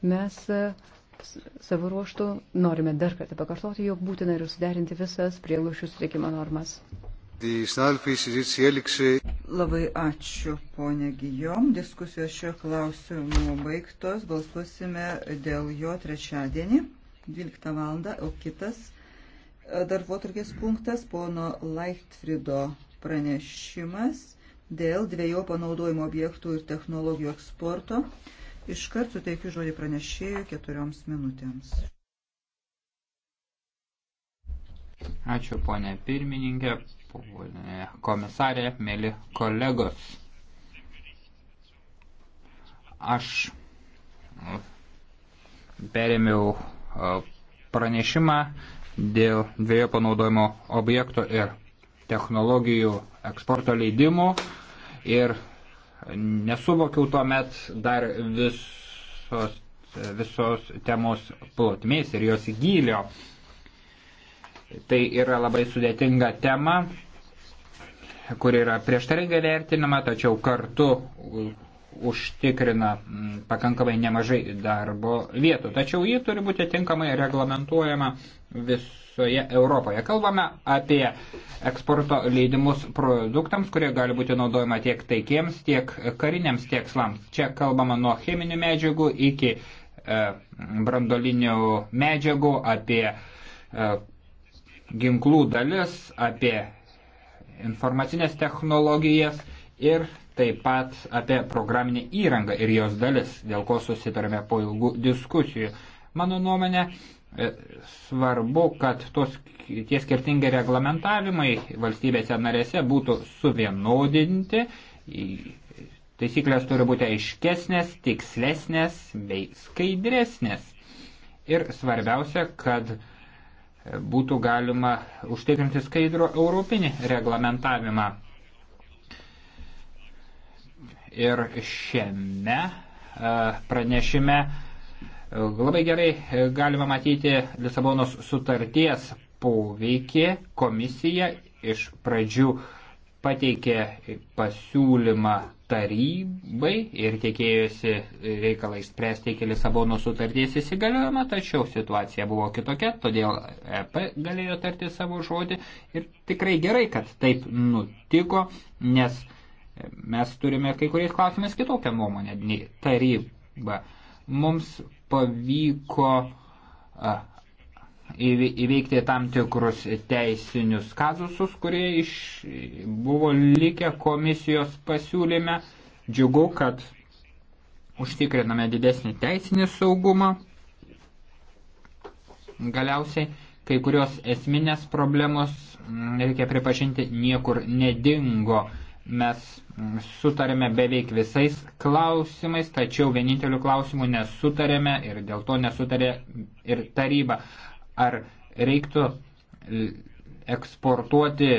Mes e, savo ruoštų norime dar kartą pakartoti, jog būtina ir suderinti visas prieglušių sutikimo normas. Labai ačiū, ponė Gijom. Diskusijos šio klausimu baigtos. Balsuosime dėl jo trečiadienį, 12 val. O kitas e, darbuotrukės punktas, pono Leichtfrido pranešimas dėl dviejų panaudojimo objektų ir technologijų eksporto. Iškart suteikiu žodį pranešėjui keturioms minutėms. Ačiū ponė pirmininkė, ponė komisarė, mėly kolegos. Aš e, perėmiau e, pranešimą dėl dviejų panaudojimo objektų ir technologijų eksporto leidimų ir nesuvokiau tuomet dar visos, visos temos plotmės ir jos gylio. Tai yra labai sudėtinga tema, kur yra prieštaringai vertinama, tačiau kartu užtikrina mm, pakankamai nemažai darbo vietų, tačiau ji turi būti tinkamai reglamentuojama visoje Europoje. Kalbame apie eksporto leidimus produktams, kurie gali būti naudojama tiek taikiems, tiek kariniams tikslams. Čia kalbama nuo cheminių medžiagų iki e, brandolinių medžiagų, apie e, ginklų dalis, apie informacinės technologijas ir taip pat apie programinę įrangą ir jos dalis, dėl ko susitarėme po ilgų diskusijų. Mano nuomonė, e, svarbu, kad tos, tie skirtingi reglamentavimai valstybėse narėse būtų suvienodinti, taisyklės turi būti aiškesnės, tikslesnės bei skaidresnės. Ir svarbiausia, kad būtų galima užtikrinti skaidrų europinį reglamentavimą ir šiame e, pranešime e, labai gerai e, galima matyti Lisabonos sutarties poveikį. Komisija iš pradžių pateikė pasiūlymą tarybai ir tikėjosi reikalą išspręsti iki Lisabono sutarties įsigaliojimą, tačiau situacija buvo kitokia, todėl EP galėjo tarti savo žodį ir tikrai gerai, kad taip nutiko, nes mes turime kai kuriais klausimais kitokią nuomonę nei taryba. Mums pavyko įveikti tam tikrus teisinius kazusus, kurie iš, buvo likę komisijos pasiūlyme. Džiugu, kad užtikriname didesnį teisinį saugumą. Galiausiai kai kurios esminės problemos, mm, reikia pripažinti, niekur nedingo mes sutarėme beveik visais klausimais, tačiau vieninteliu klausimu nesutarėme ir dėl to nesutarė ir taryba. Ar reiktų eksportuoti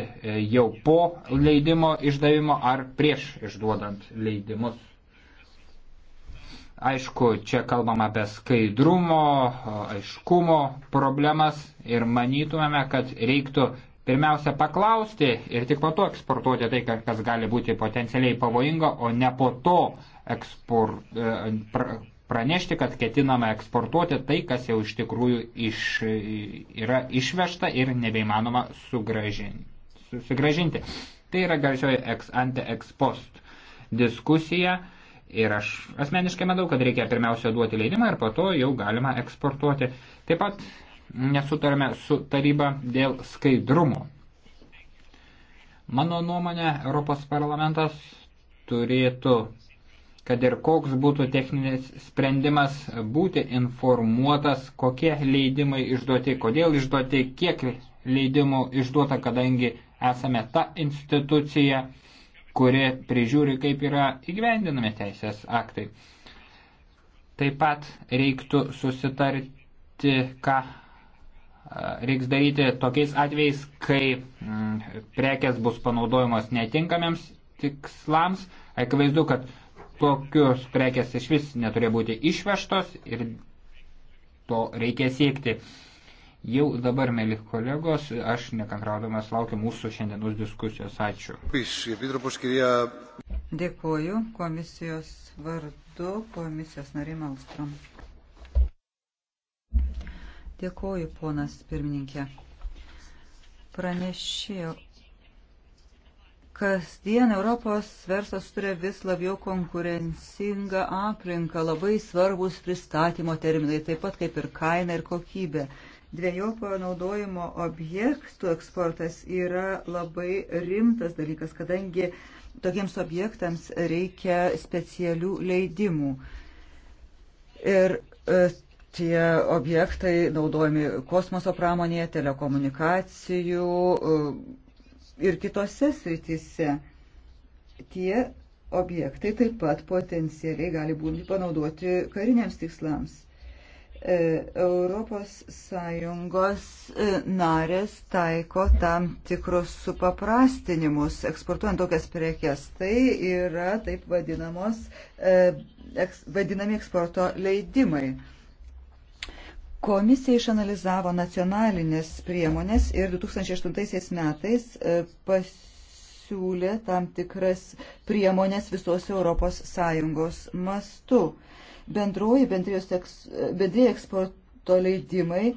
jau po leidimo išdavimo ar prieš išduodant leidimus? Aišku, čia kalbam apie skaidrumo, aiškumo problemas ir manytumėme, kad reiktų pirmiausia paklausti ir tik po to eksportuoti tai, kas gali būti potencialiai pavojinga, o ne po to ekspor, e, pranešti, kad ketinama eksportuoti tai, kas jau iš tikrųjų iš, yra išvežta ir nebeįmanoma sugražinti. sugražinti. Tai yra garsioji ex ante ex post diskusija ir aš asmeniškai manau, kad reikia pirmiausia duoti leidimą ir po to jau galima eksportuoti. Taip pat nesutarėme su taryba dėl skaidrumo. Mano nuomonė, Europos parlamentas turėtų, kad ir koks būtų techninis sprendimas, būti informuotas, kokie leidimai išduoti, kodėl išduoti, kiek leidimų išduota, kadangi esame ta institucija, kuri prižiūri, kaip yra įgyvendinami teisės aktai. Taip pat reiktų susitarti, ką reiks daryti tokiais atvejais, kai mm, prekes bus panaudojamos netinkamiems tikslams. Akivaizdu, kad tokius prekes iš vis neturėjo būti išvežtos ir to reikia siekti. Jau dabar, mėly kolegos, aš nekantraudamas laukiu mūsų šiandienos diskusijos. Ačiū. Dėkuoju komisijos vardu, komisijos narė Malstrom. Dėkoju, ponas pirmininkė. Pranešėjo. Kasdien Europos verslas turi vis labiau konkurencingą aplinką, labai svarbus pristatymo terminai, taip pat kaip ir kaina ir kokybė. Dviejopo naudojimo objektų eksportas yra labai rimtas dalykas, kadangi tokiems objektams reikia specialių leidimų. Ir e, tie objektai naudojami kosmoso pramonėje, telekomunikacijų e, ir kitose srityse. Tie objektai taip pat potencialiai gali būti panaudoti kariniams tikslams. E, Europos Sąjungos e, narės taiko tam tikrus supaprastinimus, eksportuojant tokias prekes. Tai yra taip vadinamos, vadinami eksporto leidimai. Komisija išanalizavo nacionalinės priemonės ir 2008 metais e, pasiūlė tam tikras priemonės visos Europos Sąjungos mastu. Bendroji bendrėjai eksporto leidimai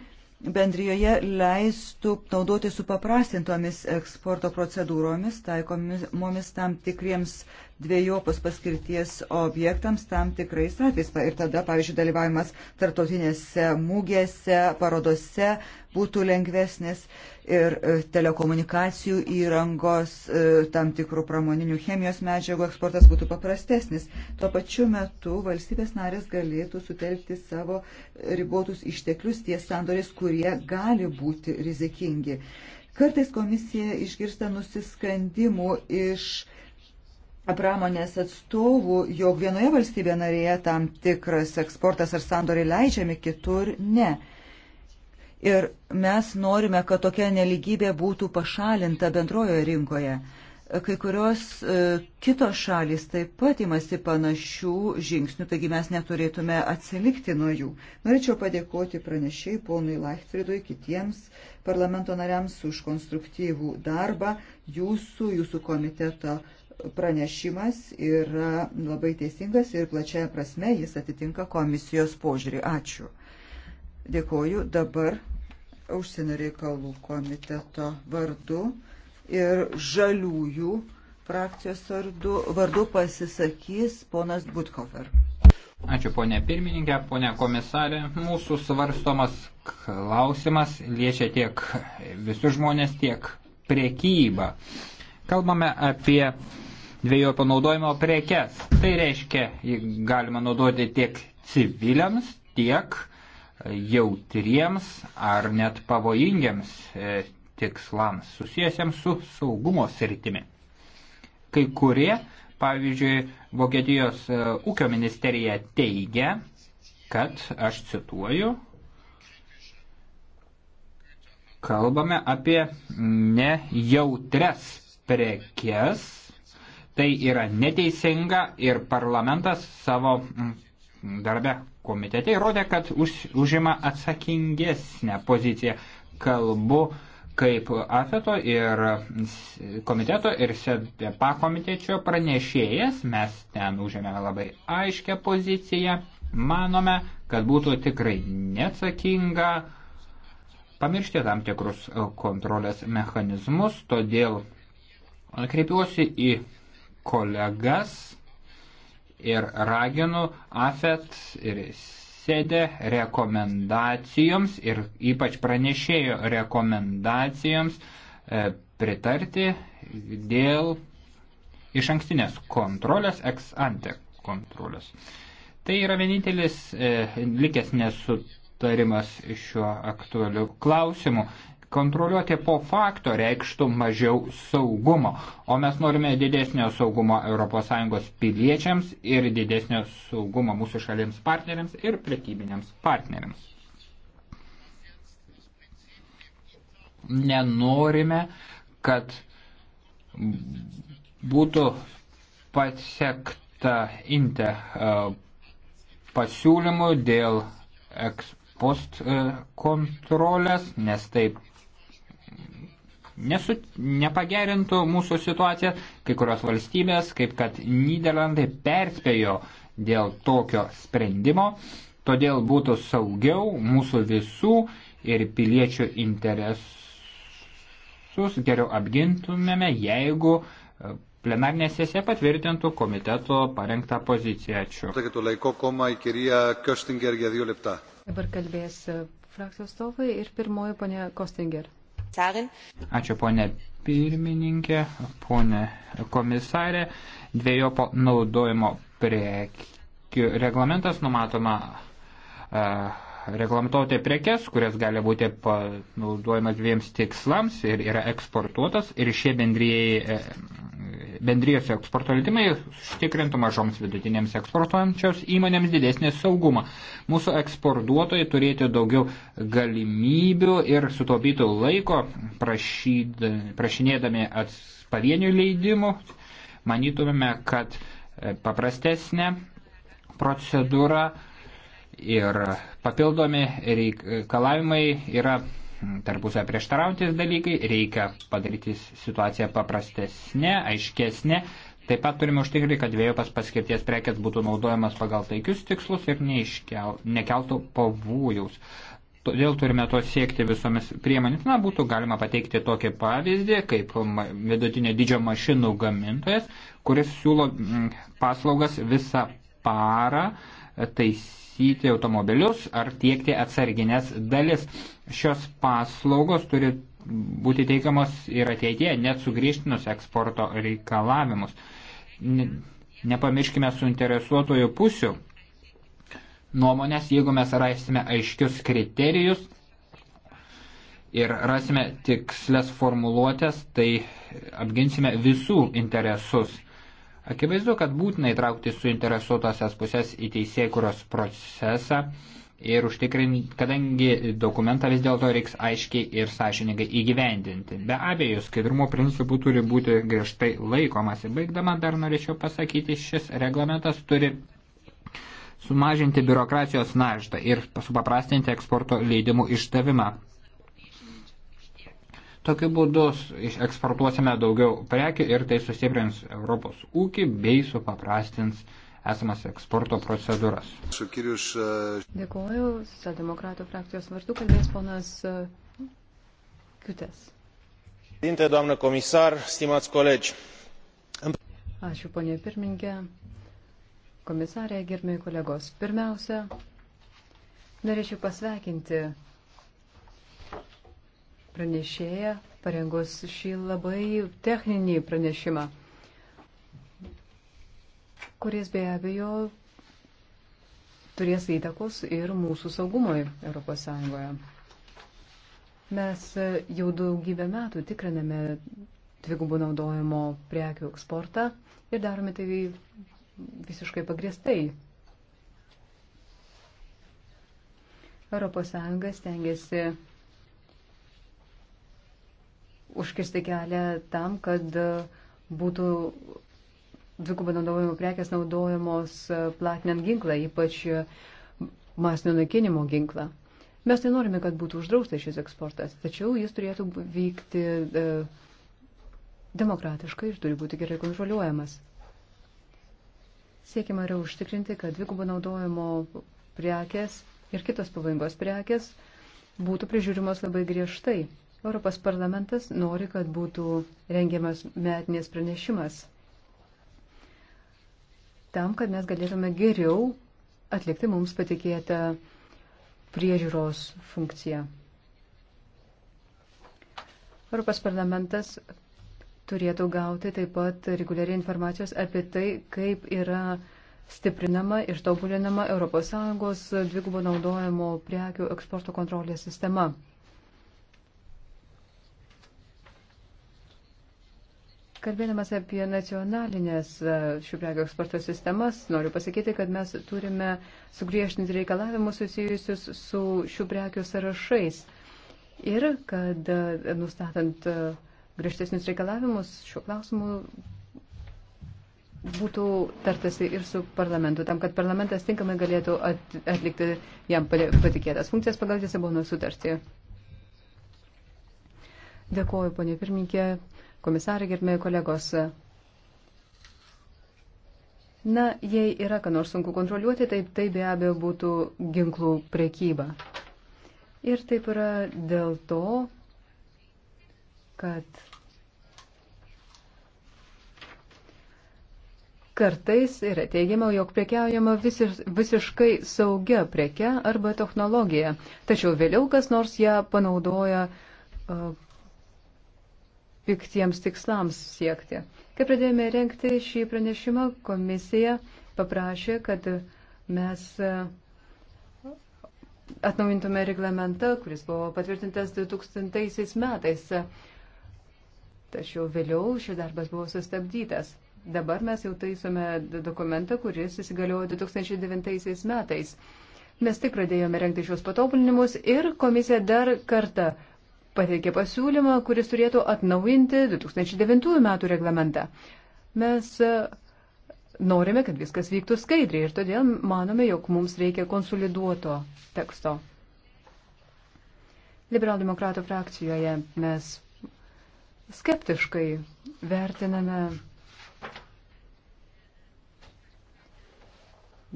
bendrijoje leistų naudoti supaprastintomis eksporto procedūromis, taikomomis tam tikriems dviejopos paskirties objektams tam tikrais atvejais. Ir tada, pavyzdžiui, dalyvavimas tartotinėse mūgėse, parodose būtų lengvesnis ir e, telekomunikacijų įrangos, e, tam tikrų pramoninių chemijos medžiagų eksportas būtų paprastesnis. Tuo pačiu metu valstybės narės galėtų sutelkti savo ribotus išteklius ties sandoris, kurie gali būti rizikingi. Kartais komisija išgirsta nusiskandimų iš pramonės atstovų, jog vienoje valstybėje narėje tam tikras eksportas ar sandoriai leidžiami, kitur ne. Ir mes norime, kad tokia neligybė būtų pašalinta bendrojoje rinkoje. Kai kurios e, kitos šalys taip pat imasi panašių žingsnių, taigi mes neturėtume atsilikti nuo jų. Norėčiau padėkoti pranešiai ponui Laichtridui, kitiems parlamento nariams už konstruktyvų darbą, jūsų, jūsų komiteto pranešimas yra labai teisingas ir plačiaja prasme jis atitinka komisijos požiūrį. Ačiū. Dėkoju dabar užsienio reikalų komiteto vardu ir žaliųjų frakcijos vardu, vardu pasisakys ponas Butkofer. Ačiū ponė pirmininkė, ponė komisarė. Mūsų svarstomas klausimas liečia tiek visus žmonės, tiek priekybą. Kalbame apie dviejo panaudojimo prekes. Tai reiškia, galima naudoti tiek civiliams, tiek jautriems ar net pavojingiams e, tikslams susijęsiams su saugumo sritimi. Kai kurie, pavyzdžiui, Vokietijos e, ūkio ministerija teigia, kad, aš cituoju, kalbame apie nejautres prekes Tai yra neteisinga ir parlamentas savo mm, darbe komitete įrodė, kad už, užima atsakingesnę poziciją. Kalbu kaip afeto ir komiteto ir sedepa komitečio pranešėjas, mes ten užėmėme labai aiškę poziciją, manome, kad būtų tikrai neatsakinga pamiršti tam tikrus kontrolės mechanizmus, todėl kreipiuosi į kolegas ir raginu AFET ir sėdė rekomendacijoms ir ypač pranešėjo rekomendacijoms e, pritarti dėl iš ankstinės kontrolės, ex ante kontrolės. Tai yra vienintelis e, likęs nesutarimas šiuo aktualiu klausimu. Kontroliuoti po fakto reikštų mažiau saugumo, o mes norime didesnio saugumo ES piliečiams ir didesnio saugumo mūsų šalims partneriams ir prekybiniams partneriams. Nenorime, kad būtų pasiekta inte e, pasiūlymų dėl ekspost e, kontrolės, nes taip nesu, nepagerintų mūsų situaciją. Kai kurios valstybės, kaip kad Niderlandai, perspėjo dėl tokio sprendimo, todėl būtų saugiau mūsų visų ir piliečių interesus geriau apgintumėme, jeigu e, plenarinė sesija patvirtintų komiteto parengtą poziciją. Ačiū. Dabar kalbės e, frakcijos stovai ir pirmoji ponė Kostinger. Ačiū ponė pirmininkė, ponė komisarė. Dviejopo naudojimo prekių reglamentas numatoma uh, reglamentuoti prekes, kurias gali būti panaudojamas dviems tikslams ir yra eksportuotas ir šie bendrieji e, bendrijos eksporto leidimai užtikrintų mažoms vidutinėms eksportuojančios įmonėms didesnį saugumą. Mūsų eksportuotojai turėtų daugiau galimybių ir sutaupytų laiko prašyd, prašinėdami pavienių leidimų. Manytumėme, kad e, paprastesnė procedūra ir papildomi reikalavimai yra tarpusio prieštaraujantis dalykai, reikia padaryti situaciją paprastesnė, aiškesnė. Taip pat turime užtikrinti, kad vėjopas paskirties prekės būtų naudojamas pagal taikius tikslus ir neiškel, nekeltų pavūjaus. Todėl turime to siekti visomis priemonėmis. Na, būtų galima pateikti tokį pavyzdį, kaip vidutinio dydžio mašinų gamintojas, kuris siūlo mm, paslaugas visą parą, tais, taisyti automobilius ar tiekti atsarginės dalis. Šios paslaugos turi būti teikiamos ir ateitie, net sugrįžtinus eksporto reikalavimus. Nepamirškime suinteresuotojų pusių nuomonės, jeigu mes rasime aiškius kriterijus ir rasime tikslės formuluotės, tai apginsime visų interesus. Akivaizdu, kad būtina įtraukti suinteresuotasias pusės į teisėkuros procesą ir užtikrinti, kadangi dokumentą vis dėlto reiks aiškiai ir sąžiningai įgyvendinti. Be abejo, skaidrumo principų turi būti griežtai laikomasi. Baigdama dar norėčiau pasakyti, šis reglamentas turi sumažinti biurokratijos naštą ir supaprastinti eksporto leidimų išdavimą. Tokiu būdu eksportuosime daugiau prekių ir tai sustiprins Europos ūkį bei supaprastins esamas eksporto procedūras. E, Dėkuoju. Socialdemokratų frakcijos vardu kalbės ponas e, Kiutės. Doamnă comisar, stimați colegi. Ačiū, ponė pirmininkė. Komisarė, gerbėjai kolegos. Pirmiausia, norėčiau pasveikinti pranešėją parengus šį labai techninį pranešimą, kuris be abejo turės įtakos ir mūsų saugumui ES. Mes jau daugybę metų tikriname dvigubų naudojimo prekių eksportą ir darome tai visiškai pagristai. ES stengiasi užkirsti kelią tam, kad būtų dvigubą naudojimo prekes naudojamos platinant ginklą, ypač masinio naikinimo ginklą. Mes tai norime, kad būtų uždraustas šis eksportas, tačiau jis turėtų vykti e, demokratiškai ir turi būti gerai kontroliuojamas. Siekima yra užtikrinti, kad dvigubą naudojimo prekes ir kitos pavojingos prekes būtų prižiūrimos labai griežtai. Europos parlamentas nori, kad būtų rengiamas metinės pranešimas tam, kad mes galėtume geriau atlikti mums patikėtą priežiūros funkciją. Europos parlamentas turėtų gauti taip pat reguliariai informacijos apie tai, kaip yra stiprinama ir tobulinama ES dvigubo naudojimo prekių eksporto kontrolės sistema. Kalbėdamas apie nacionalinės e, šių prekių eksporto sistemas, noriu pasakyti, kad mes turime sugriežtinti reikalavimus susijusius su šių prekių sąrašais. Ir kad e, nustatant e, griežtesnius reikalavimus šiuo klausimu būtų tartasi ir su parlamentu, tam, kad parlamentas tinkamai galėtų atlikti jam patikėtas funkcijas pagal Lisabono sutartį. Dėkuoju, ponė pirminkė komisarė, gerbėjai kolegos. Na, jei yra, ką nors sunku kontroliuoti, tai tai be abejo būtų ginklų prekyba. Ir taip yra dėl to, kad Kartais yra teigiama, jog prekiaujama visiš, visiškai saugia preke arba technologija, tačiau vėliau kas nors ją panaudoja uh, piktiems tikslams siekti. Kai pradėjome renkti šį pranešimą, komisija paprašė, kad mes e, atnaujintume reglamentą, kuris buvo patvirtintas 2000 metais. Tačiau vėliau šis darbas buvo sustabdytas. Dabar mes jau taisome dokumentą, kuris įsigaliojo 2009 metais. Mes tik pradėjome renkti šios patobulinimus ir komisija dar kartą pateikė pasiūlymą, kuris turėtų atnaujinti 2009 metų reglamentą. Mes e, norime, kad viskas vyktų skaidriai ir todėl manome, jog mums reikia konsoliduoto teksto. Liberaldemokratų frakcijoje mes skeptiškai vertiname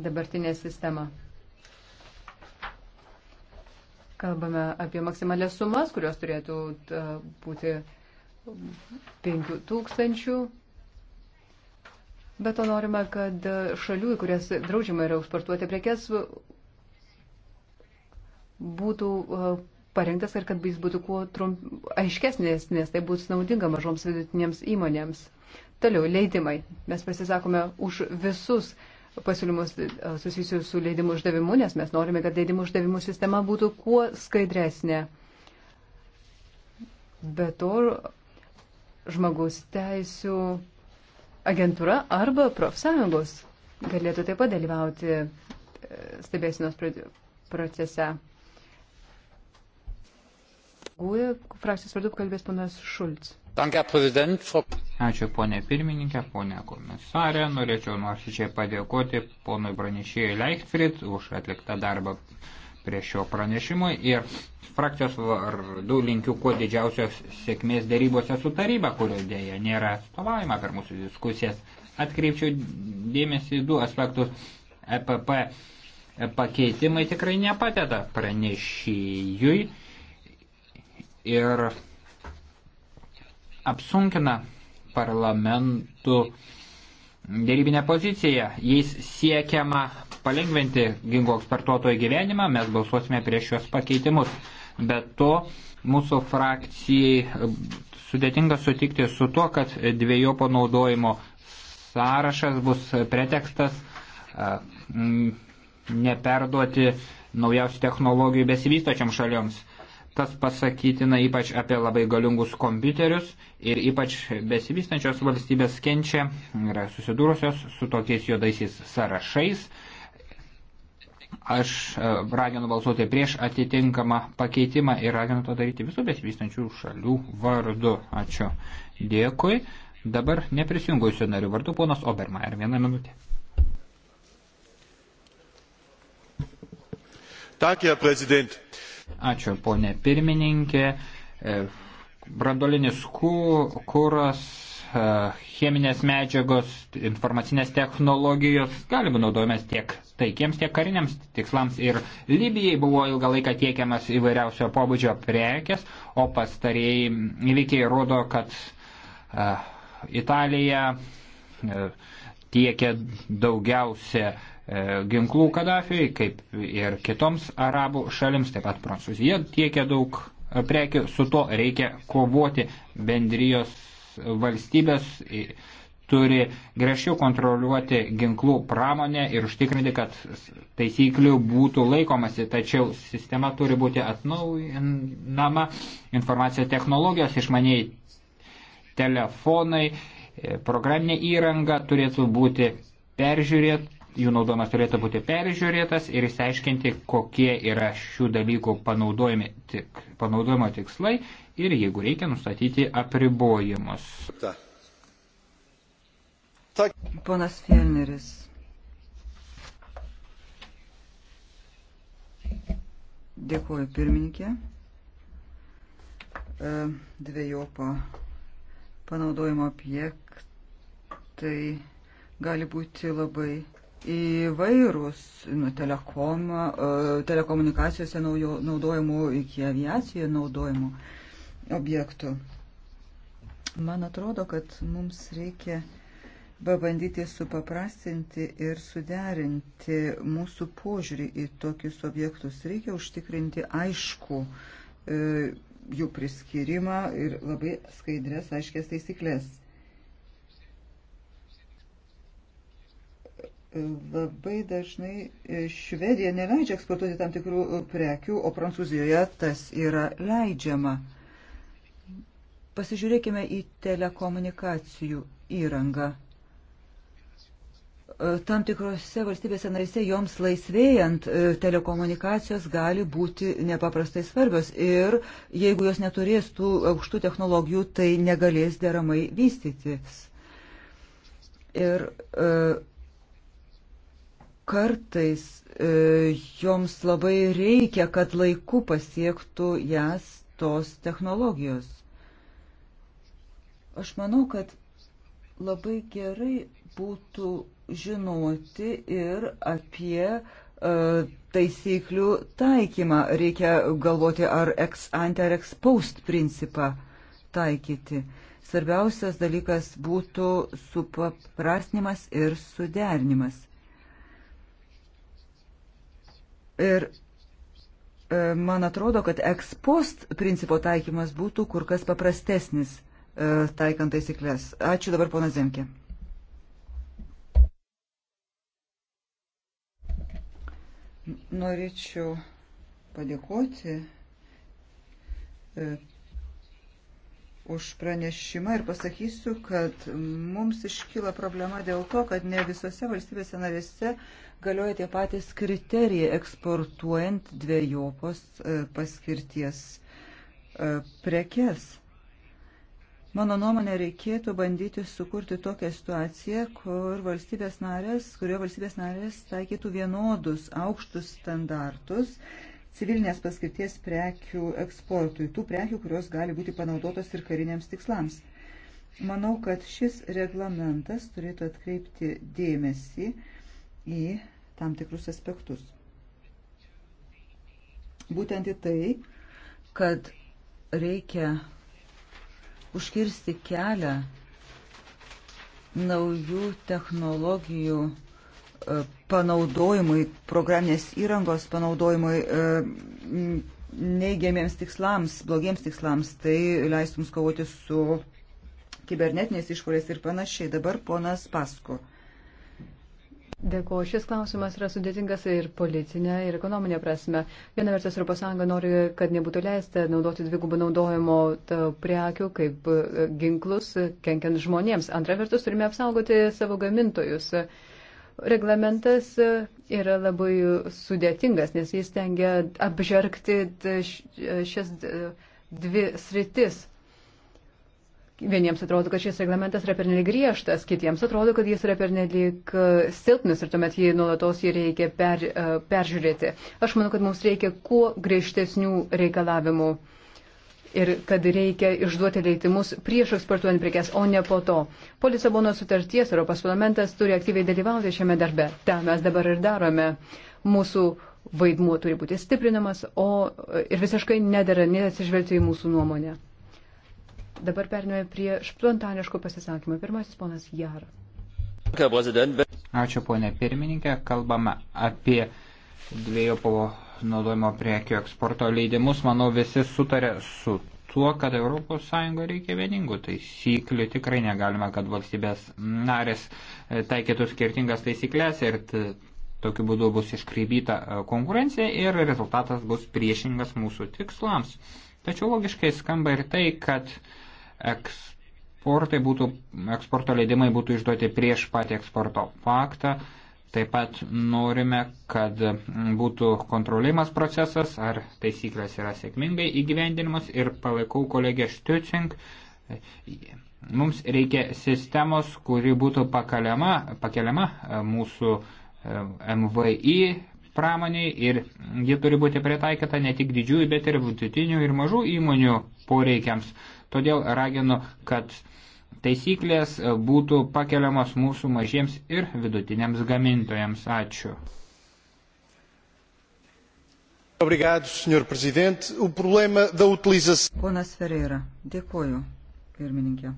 dabartinę sistemą. Kalbame apie maksimalės sumas, kurios turėtų e, būti 5000. Bet to norime, kad šalių, į kurias draudžiama yra eksportuoti prekes, būtų e, parengtas ir kad jis būtų kuo trump, aiškesnės, nes tai bus naudinga mažoms vidutinėms įmonėms. Toliau, leidimai. Mes pasisakome už visus uh, pasiūlymus e, susijusius su leidimų uždavimu, nes mes norime, kad leidimų uždavimų sistema būtų kuo skaidresnė. Be to, žmogus teisų agentūra arba profsąjungos galėtų taip pat dalyvauti e, stebėsinos procese. Gūja, frakcijos vardu kalbės panas Šulc. Ačiū ponė pirmininkė, ponė komisarė. Norėčiau nuoširdžiai padėkoti ponui pranešėjui Leichtfried už atliktą darbą prie šio pranešimo ir frakcijos vardu linkiu kuo didžiausios sėkmės dėrybose su taryba, kurio dėja nėra atstovavimą per mūsų diskusijas. Atkreipčiau dėmesį į du aspektus. EPP pakeitimai tikrai nepateda pranešėjui ir apsunkina parlamentų dėrybinę poziciją. Jais siekiama palengventi ginklo eksportuotojų gyvenimą, mes balsuosime prieš šios pakeitimus. Bet to mūsų frakcijai e, sudėtinga sutikti su tuo, kad dviejų panaudojimo sąrašas bus pretekstas e, neperduoti naujausių technologijų besivystočiam šalioms. Tas pasakytina ypač apie labai galingus kompiuterius ir ypač besivystančios valstybės kenčia, yra susidūrusios su tokiais juodaisiais sąrašais. Aš e, raginu balsuoti prieš atitinkamą pakeitimą ir raginu to daryti visų besivystančių šalių vardu. Ačiū. Dėkui. Dabar neprisijungusių narių vardu ponas Obermaier. Vieną minutę. Tak, herr Präsident. Ačiū, ponė pirmininkė. E, brandolinis kūras, e, cheminės medžiagos, informacinės technologijos gali būti naudojamas tiek taikiems, tiek kariniams tikslams. Ir Libijai buvo ilgą laiką tiekiamas įvairiausio pobūdžio prekes, o pastarėjai įvykiai rodo, kad e, Italija tiekia daugiausia E, ginklų Kadafiui, kaip ir kitoms arabų šalims, taip pat Prancūzija tiekia daug e, prekių, su to reikia kovoti. Bendrijos valstybės turi griežčiau kontroliuoti ginklų pramonę ir užtikrinti, kad taisyklių būtų laikomasi, tačiau sistema turi būti atnaujinama, informacijos technologijos, išmaniai telefonai, e, programinė įranga turėtų būti peržiūrėta jų naudojimas turėtų būti peržiūrėtas ir įsiaiškinti, kokie yra šių dalykų tik, panaudojimo tikslai ir jeigu reikia nustatyti apribojimus. Ta. Ta. Ponas Fielneris. Dėkuoju pirmininkė. E, dviejopo panaudojimo objektai gali būti labai įvairūs nuo telekomo, e, telekomunikacijose naujo, naudojimų iki aviacijoje naudojimų objektų. Man atrodo, kad mums reikia pabandyti supaprastinti ir suderinti mūsų požiūrį į tokius objektus. Reikia užtikrinti aišku e, jų priskirimą ir labai skaidrės, aiškės taisyklės. labai dažnai e, Švedija neleidžia eksportuoti tam tikrų e, prekių, o Prancūzijoje tas yra leidžiama. Pasižiūrėkime į telekomunikacijų įrangą. E, tam tikrose valstybėse narise joms laisvėjant telekomunikacijos gali būti nepaprastai svarbios ir jeigu jos neturės tų aukštų technologijų, tai negalės deramai vystytis. Ir uh, kartais e, joms labai reikia, kad laiku pasiektų jas tos technologijos. Aš manau, kad labai gerai būtų žinoti ir apie e, taisyklių taikymą. Reikia galvoti, ar ex ante ar ex post principą taikyti. Svarbiausias dalykas būtų supaprastinimas ir sudernimas. Ir e, man atrodo, kad ekspost principo taikymas būtų kur kas paprastesnis e, taikant taisyklės. Ačiū dabar, pona Zemke. Norėčiau padėkoti e, už pranešimą ir pasakysiu, kad mums iškyla problema dėl to, kad ne visose valstybėse narėse galioja tie patys kriterijai eksportuojant dviejopos e, paskirties e, prekes. Mano nuomonė, reikėtų bandyti sukurti tokią situaciją, kur valstybės narės, kurio valstybės narės taikytų vienodus aukštus standartus civilinės paskirties prekių eksportui, tų prekių, kurios gali būti panaudotos ir kariniams tikslams. Manau, kad šis reglamentas turėtų atkreipti dėmesį į tam tikrus aspektus. Būtent į tai, kad reikia užkirsti kelią naujų technologijų E, panaudojimui, programinės įrangos panaudojimui e, neigiamiems tikslams, blogiems tikslams, tai leis mums kovoti su kibernetinės išpolės ir panašiai. Dabar ponas Pasko. Dėkuoju. Šis klausimas yra sudėtingas ir politinė, ir ekonominė prasme. Viena vertus, ES nori, kad nebūtų leista naudoti dvigubą naudojimo prekių kaip e, ginklus, kenkiant žmonėms. Antra vertus, turime apsaugoti savo gamintojus. Uh, reglamentas e, yra labai sudėtingas, nes jis tengia apžargti e, šias dvi sritis. Vieniems atrodo, kad šis reglamentas yra pernelyg griežtas, kitiems atrodo, kad jis yra pernelyg e, silpnas ir tuomet jį nuolatos jį reikia per, peržiūrėti. Aš manau, kad mums reikia kuo griežtesnių reikalavimų ir kad reikia išduoti leidimus prieš eksportuojant prekes, o ne po to. Po Lisabono sutarties Europos parlamentas turi aktyviai dalyvauti šiame darbe. Ta mes dabar ir darome. Mūsų vaidmuo turi būti stiprinamas, o ir visiškai nedara neatsižvelgti į mūsų nuomonę. Dabar pernuoju prie spontaniško pasisakymo. Pirmasis ponas Jara. Ačiū ponė pirmininkė, kalbame apie dviejų po naudojimo prekių eksporto leidimus, manau, visi sutarė su tuo, kad ES reikia vieningų taisyklių. Tikrai negalime, kad valstybės narės e, taikytų skirtingas taisyklės ir tokiu būdu bus iškreibyta e, konkurencija ir rezultatas bus priešingas mūsų tikslams. Tačiau logiškai skamba ir tai, kad eksportai būtų, eksporto leidimai būtų išduoti prieš patį eksporto faktą Taip pat norime, kad būtų kontrolimas procesas, ar taisyklės yra sėkmingai įgyvendinimas ir palaikau kolegę Štiucink. Mums reikia sistemos, kuri būtų pakeliama, pakeliama mūsų e, MVI pramoniai ir ji turi būti pritaikyta ne tik didžiųjų, bet ir vidutinių ir mažų įmonių poreikiams. Todėl raginu, kad taisyklės e, būtų pakeliamas mūsų mažiems ir vidutiniams gamintojams. Ačiū. Obrigado, senhor presidente. O problema da utilização. Ponas Ferreira, dėkoju, pirmininkė.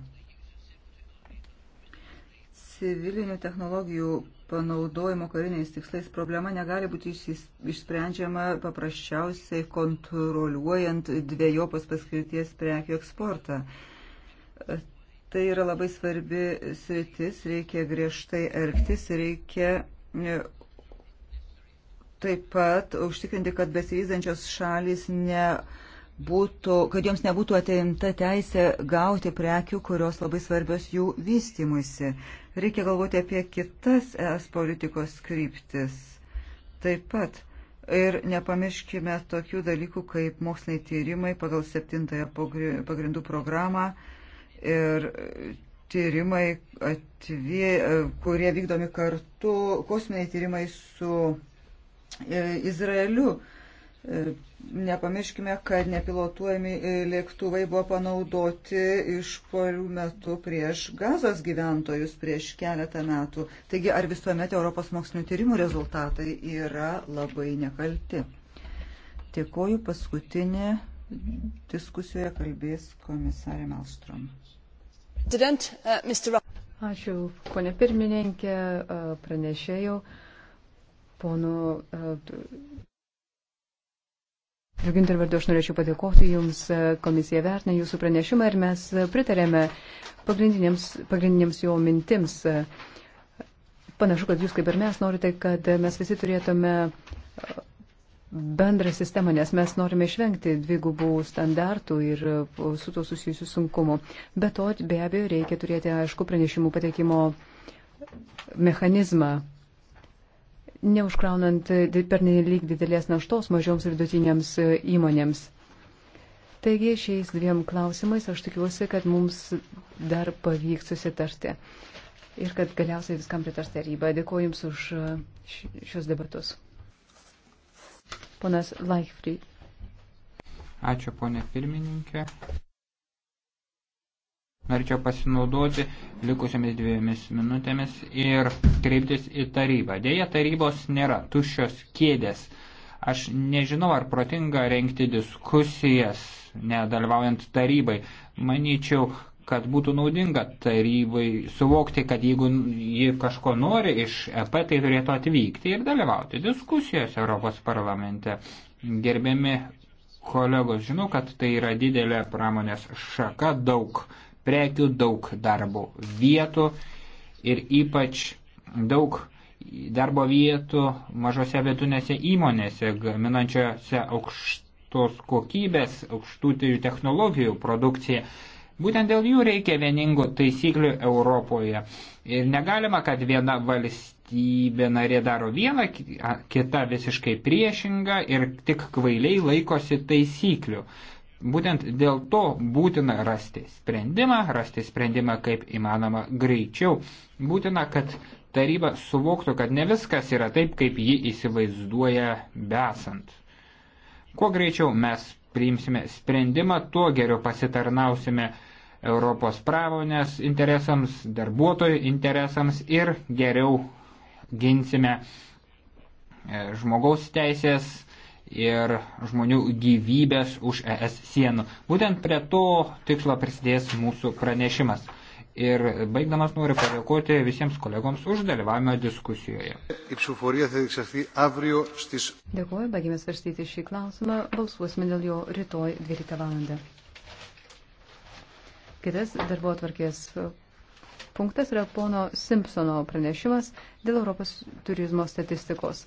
Civilinių technologijų panaudojimo kariniais tikslais problema negali būti išsprendžiama paprasčiausiai kontroliuojant dviejopos paskirties prekių eksportą Tai yra labai svarbi sritis, reikia griežtai elgtis, reikia e, taip pat užtikrinti, kad besivyzdančios šalis nebūtų, kad joms nebūtų ateimta teisė gauti prekių, kurios labai svarbios jų vystimuisi. Reikia galvoti apie kitas ES politikos kryptis. Taip pat. Ir nepamirškime tokių dalykų kaip moksliniai tyrimai pagal septintąją pagrindų programą ir e, tyrimai, atvie, e, kurie vykdomi kartu, kosminiai tyrimai su e, Izraeliu. Nepamirškime, kad nepilotuojami lėktuvai buvo panaudoti išpolių metu prieš gazos gyventojus prieš keletą metų. Taigi, ar visuomet Europos mokslinio tyrimų rezultatai yra labai nekalti? Dėkoju, paskutinė diskusijoje kalbės komisarė Melstrom. Uh, Ačiū, ponė pirmininkė, uh, pranešėjau, pono uh, Ginter vardu aš norėčiau padėkoti Jums, komisija vertina Jūsų pranešimą ir mes pritarėme pagrindinėms, pagrindinėms jo mintims. Panašu, kad Jūs kaip ir mes norite, kad mes visi turėtume bendrą sistemą, nes mes norime išvengti dvigubų standartų ir e, su to susijusių sunkumų. Be to, be abejo, reikia turėti aišku pranešimų patekimo mechanizmą, neužkraunant per nelik didelės naštos mažoms ir vidutinėms e, įmonėms. Taigi šiais dviem klausimais aš tikiuosi, kad mums dar pavyks susitarti ir kad galiausiai viskam pritars taryba. Dėkuoju Jums už e, šios debatus ponas Laichfried. Ačiū, ponė pirmininkė. Norėčiau pasinaudoti likusiamis dviejomis minutėmis ir kreiptis į tarybą. Deja, tarybos nėra, tuščios kėdės. Aš nežinau, ar protinga renkti diskusijas, nedalyvaujant tarybai. Manyčiau, kad būtų naudinga tarybai suvokti, kad jeigu ji kažko nori iš EP, tai turėtų atvykti ir dalyvauti diskusijose Europos parlamente. Gerbiami kolegos, žinau, kad tai yra didelė pramonės šaka, daug prekių, daug darbo vietų ir ypač daug darbo vietų mažose vietunėse įmonėse, gaminančiose aukštos kokybės, aukštų technologijų produkciją. Būtent dėl jų reikia vieningų taisyklių Europoje. Ir negalima, kad viena valstybė narė daro vieną, kita visiškai priešingą ir tik kvailiai laikosi taisyklių. Būtent dėl to būtina rasti sprendimą, rasti sprendimą kaip įmanoma greičiau. Būtina, kad taryba suvoktų, kad ne viskas yra taip, kaip ji įsivaizduoja besant. Kuo greičiau mes priimsime sprendimą, tuo geriau pasitarnausime Europos pramonės interesams, darbuotojų interesams ir geriau ginsime e, žmogaus teisės ir žmonių gyvybės už ES sienų. Būtent prie to tikslo prisidės mūsų pranešimas. Ir baigdamas noriu padėkoti visiems kolegoms už dalyvavimą diskusijoje. Tai Dėkuoju, baigėme svarstyti šį klausimą, balsuosime dėl jo rytoj 12 val. Kitas darbo atvarkės punktas yra pono Simpsono pranešimas dėl Europos turizmo statistikos.